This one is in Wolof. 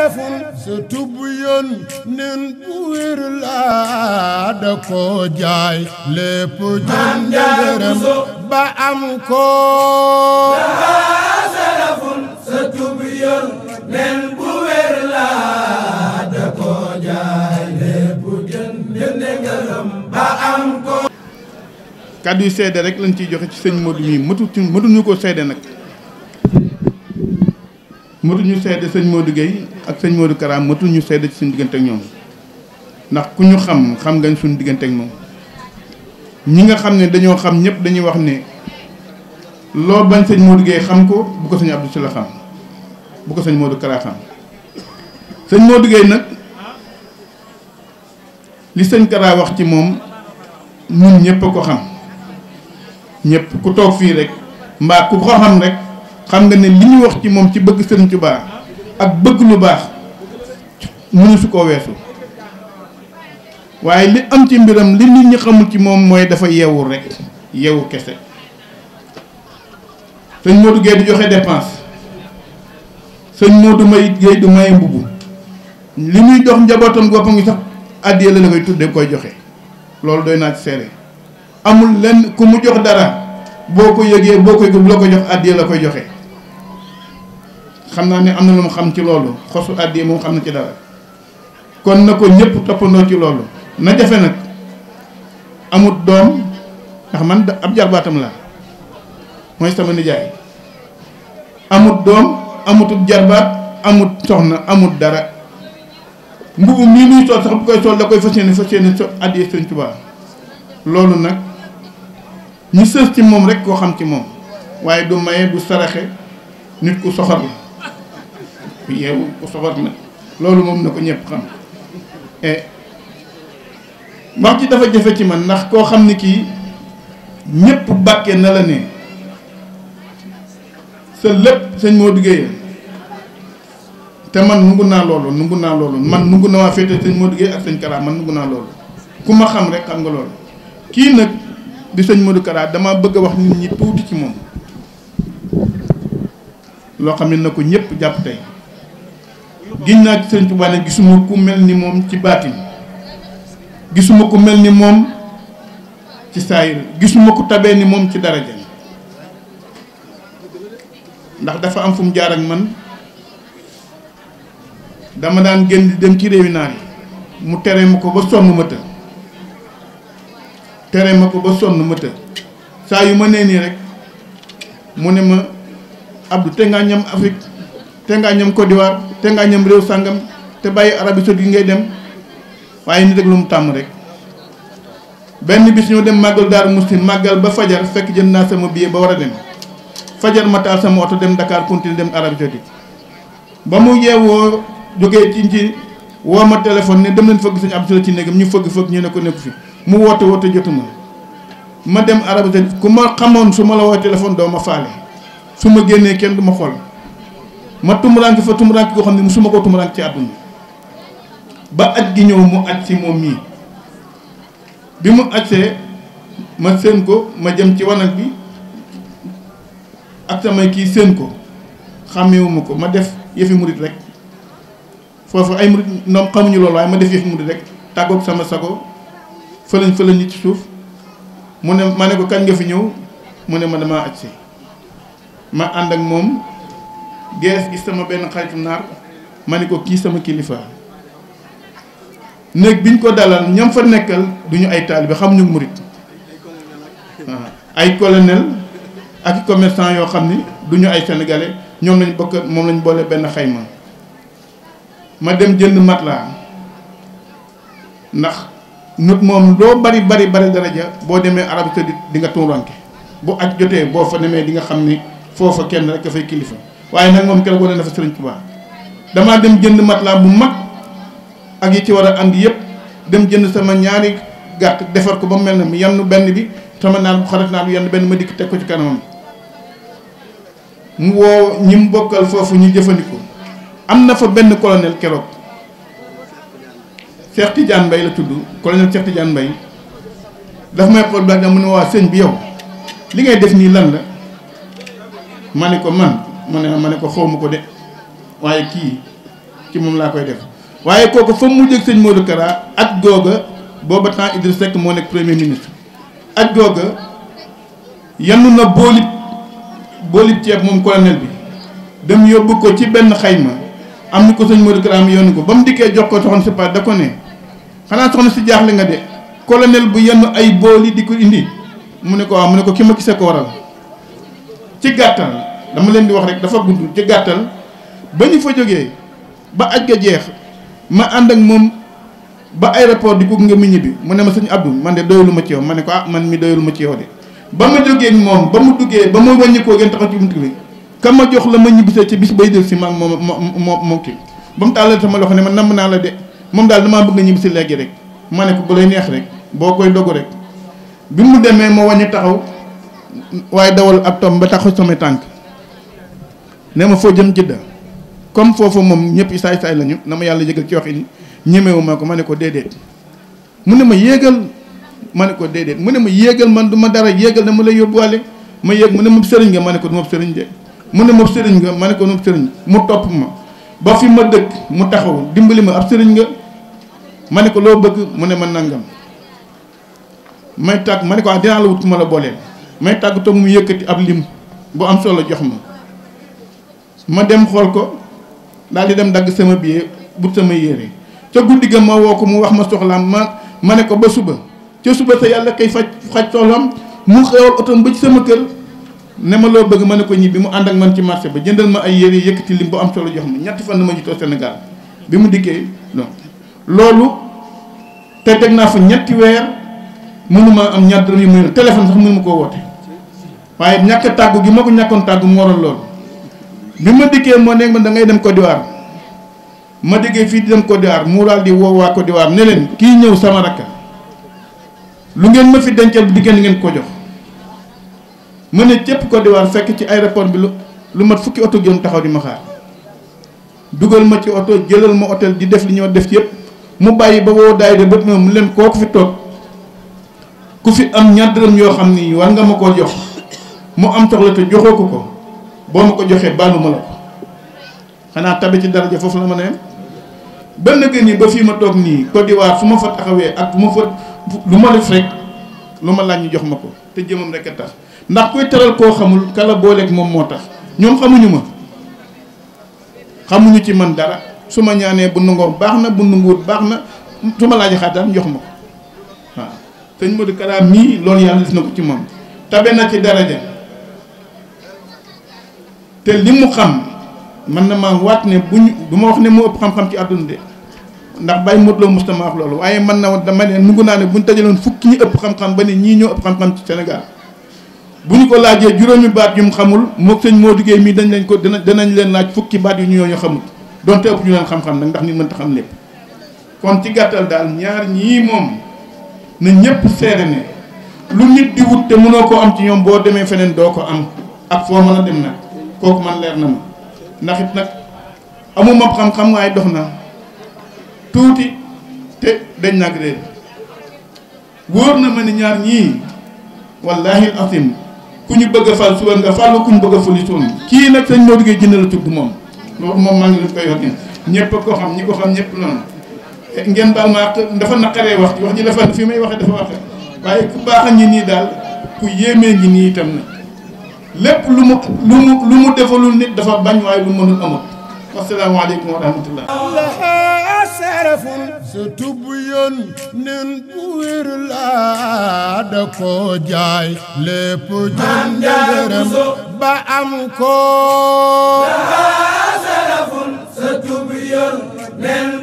reful surtout bu bu wér laa da ko jaay lépp jënd dërëm ba am ko dafa seede rek lañ ciy joxe ci sëñ Modou mi mëtu mëtuñu ko seede nag matuñu seede sëñ moo Guèye ak sëñ Modou Kara matuñu seede ci suñu diggante ñoom ndax ku ñu xam xam nga suñu diggante ak moom ñi nga xam ne dañoo xam ñëpp dañuy wax ne loo bañ sëñ moo Guèye xam ko bu ko sëñ ci la xam bu ko sëñ Modou Kara sëñ Modou Guèye nag li sëñ Kara wax ci moom ñun ñëpp ko xam ñëpp ku toog fii rek mbaa ku ko xam rek. xam nga ne li ñu wax ci moom ci bëgg Sëriñ Tuubaa ak bëgg lu baax mënu su ko weesu waaye li am ci mbiram li nit ñi xamul ci moom mooy dafa yeewul rek yeewu kese sëñ Modou Gueye du joxe sën sëñ du may Gueye du maye mbubu li muy dox njabootam goppam ngi sax àddiya la koy tudde koy joxe loolu doy naa ci seere amul lenn ku mu jox dara boo ko yëgee boo koy loo ko jox àddiya la koy joxe xam naa ni am na lu mu xam ci loolu xosu àddee moom xam na ci dara kon na ko ñëpp toppandoo ci loolu na jafe nag amut doom ndax man ab jarbaatam laa mooy sama nijaay amut doom amutut jarbaat amut soxna amut dara mbubu mii muy sol sax bu koy sol da koy fas yéene fas yéene so àddee Sëñ Tuubaa loolu nag ñu sës ci moom rek koo xam ci moom waaye du maye du saraxe nit ku soxor ku yeewu ku sobar loolu moom na ko ñëpp xam eh, wax ji dafa jafe ci man ndax koo xam ne kii ñëpp bàkke na la ne sa lépp sëñ moo duggee te man nungu naa loolu nungu naa loolu man nungu na waa féete sëñ moo duggee ak sëñ Kara man nungu naa loolu ku ma xam rek xam nga loolu kii nag di sëñ Modou Kara dama bëgg a wax nit ñi tuuti ci moom loo xam ne na ko ñëpp jàpp tey giñ naa ci sëriñ Tuubaa ne gisuma ku mel ni moom ci baatin gisuma ku mel ni moom ci saayir gisuma ku tabe ni moom ci daraja ndax dafa am fu mu jaar ak man dama daan génn di dem ci réewi naar yi mu tere ma ko ba sonn ma të tere ma ko ba sonn ma saa yu ma nee nii rek mu ne ma Abdou te ngaa ñam Afrique te ngaa ñam Côte te ngaa ñëm réew sàngam te bàyyi Arabie Saoudite yi ngay dem waaye nit ak lu mu tàmm rek benn bis ñoo dem màggal Daaru Musti màggal ba fajar fekk jënd naa sama billet ba war a dem fajar ma taal sama oto dem Dakar continue dem Arabie Saoudite ba mu yeewoo jógee ci ci woo ma téléphone ne dem leen fëgg Sëñ Abdou ci néegam ñu fëgg fëgg ñu ne ko nekk fii mu wote woote jotuma ma dem Arabie Saoudite ku ma xamoon su ma la woo téléphone doo ma faale su ma génnee kenn du ma xool ma tumurank fa tumurank goo xam ne musuma koo tumurank ci àdduna ba aj gi ñëw mu aj si moom mii bi mu agsee ma séen ko ma jëm ci wanag bi ak samay kii séen ko xàmmewuma ko ma def yëfi murit rek foofu ay murit ñoom xamuñu loolu waaye ma def yëfi di rek tàggoog sama sago fëlañ fëlañ ñi ci suuf mu ne ma ne ko kañ nga fi ñëw mu ne ma damaa aj si ma ànd ak moom gees gis sama benn xaritu naar ma ni ko kii sama kilifa néeg biñ ko dalal ñam fa nekkal ñu ay taalibe xam ñu murit ah, ay colonel ak commerçant yoo xam ni duñu ay sénégalais ñoom lañ bokk moom lañu boolee benn xayma ma dem jënd matelas ndax nit moom loo bari bari bari daraja boo demee Arabie Saoudite di nga tuuranke bu aj jotee boo fa demee di nga xam ni foofu kenn rek a kilifa waaye nag moom keroog wane na fa Serigne Touba damaa dem jënd matelas bu mag ak yi ci war a andi yëpp dem jënd sama ñaari gàtt defar ko ba mu mel na mu yenn benn bi sama naan bu xarat naan yenn benn ma dikk teg ko ci kanamam mu woo ñi mu bokkal foofu ñu jëfandikoo am na fa benn colonel keroog Cheikh Tidiane mbay la tudd colonel Cheikh Tidiane Mbaye daf may xool ba mu ne waa sëñ bi yow li ngay def nii lan la ma ne ko man. mu ne ma ne ko ma ko de waaye kii ci moom laa koy def waaye kooku fa mu mujjee sëñ Modou Kara ak googa booba temps Idriss Seck moo nekk premier ministre ak googa yannu na boolib boolib ceeb moom colonel bi dem yóbbu ko ci benn xayma am na ko sëñ Modou Kara am yónni ko ba mu dikkee jox ko soxna si pa da ko ne xanaa soxna si jaaxle nga de colonel bu yenn ay booli di ko indi mu ne ko waaw mu ne ko ki ma gisee ko waral ci gàttal dama leen di wax rek dafa gudd ci gàttal ba ñu fa jógee ba aj ga jeex ma ànd ak moom ba aéroport di ko nga mu ñibbi mu ne ma sëñ Abdou man de doylu ma ci yow ma ne ko ah man mi doylu ma ci yow de ba ma jógee moom ba mu duggee ba ma wàññi koo gën taxaw ci buntu bi ma jox la ma ñibbisee ci bis bay dël si maag moom moo moo kii ba mu tàllal sama loxo ne ma namm naa la de moom daal damaa bëgg a ñibbisi léegi rek ma ne ko bu lay neex rek boo koy dogu rek bi mu demee ma wàññi taxaw waaye dawal ab tom ba taxaw sama tànk ne ma foo jëm jidda comme foofu moom ñëpp saay-saay lañu na ma yàlla yëgal ci waxin ñemewu ma ko ma ne ko déedéet mu ne ma yéegal ma ne ko déedéet mu ne ma yéegal man du ma dara yéegal na mu lay yóbbuwaale ma yéeg mu ne moom sëriñ nga ma ne ko moom sëriñ mu ne moom sëriñ nga ma ne ko moom sëriñ mu topp ma ba fi ma dëkk mu taxaw dimbali ma ab sëriñ nga ma ne ko loo bëgg mu ne ma nangam may tàgg ma ne ko ah dinaa la wut ku ma la booleel may tàgg toog mu yëkkati ab lim bu am solo jox ma ma dem xool ko daal di dem dagg sama billet bu sama yére ca guddi ga ma woo ko mu wax ma soxlaam ma ma ne ko ba suba ca suba sa yàlla kay faj faj soxlaam mu xewal otom ba ci sama kër ne ma loo bëgg ma ne ko ñibbi mu ànd ak man ci marché ba jëndal ma ay yére yëkkati lim bu am solo jox ma ñetti fan ma jitoo Sénégal bi mu dikkee non loolu te teg naa fa ñetti weer mënuma am ñaar dërëm yu muy téléphone mu mënuma koo woote waaye ñàkk tàggu gi ma ko ñàkkoon tàggu moo waral bi ma dikkee moo nekk ma da ngay dem Côte d'Ivoire ma dikkee fii di dem Côte d'Ivoire mu daal di woo waa Côte d'Ivoire ne leen kii ñëw sama rakka lu ngeen ma fi dencal bu diggéen ngeen ko jox ma ne cëpp Côte d'Ivoire fekk ci aéroport bi lu lu mat fukki oto jëm taxaw di ma xaar dugal ma ci oto jëlal ma hôtel di def li ñoo def yëpp mu bàyyi ba woo daay de bët mu leen kooku fi toog ku fi am ñaar yo yoo xam ni war nga ma jox mu am soxla te joxoo ko ko boo ma ko joxee baalu ma la ko xanaa tabe ci daraja foofu la ma ne benn gën yi ba fii ma toog nii Côte d'Ivoire fu ma fa taxawee ak fu ma fa lu ma def rek lu ma laaj ñu jox ma ko te jëmam rek a tax ndax kuy teral koo xamul kala booleeg moom moo tax ñoom xamuñu ma xamuñu ci man dara su ma ñaanee bu nangoo baax na bu nanguwut baax na su ma laaj xaar daal jox ma ko waaw sëñ Modou Kara mii loolu yàlla gis na ko ci moom tabe na ci daraja te li mu xam man na maa waat ne bu ñu du ma wax ne moo ëpp xam-xam ci àdduna de ndax bàyyi motloo mustama wax loolu waaye man na dama ne nungu naa ne bu ñu tajaloon fukki ñu ëpp xam-xam ba ne ñii ñoo ëpp xam-xam ci Sénégal bu ñu ko laajee juróomi baat yu mu xamul moog sëñ moo duggee mii dañ leen ko dana danañ leen laaj fukki baat yu ñu ñoo xamul donte ëpp ñu leen xam-xam nag ndax nit mënta xam lépp kon ci gàttal daal ñaar ñii moom na ñëpp seere ne lu nit te mënoo koo am ci ñoom boo demee feneen doo ko am ak foo mën dem nag kooku man leer na ma ndax it nag amuma xam-xam waaye dox na tuuti te dañ nag réer wóor na ma ne ñaar ñii wallaahi asim ku ñu bëgg a fal suba nga fal ku ñu bëgg a fuli suba kii nag sëñ Modou Gueye jënd la tudd moom loolu moom maa ngi leen koy wax ñëpp ko xam ñi ko xam ñëpp noonu ngeen baal ma dafa naqaree wax wax ji dafa fi may waxee dafa waxe waaye ku baax a ngi nii daal ku yéemee ngi nii itam na lépp lu mu lu mu lu defalul nit dafa bañ waaye lu mënul amut asalaamaaleykum wa rahmatullah seraful su tub yoon nin bu jaay lépp jënd dërëm ba am ko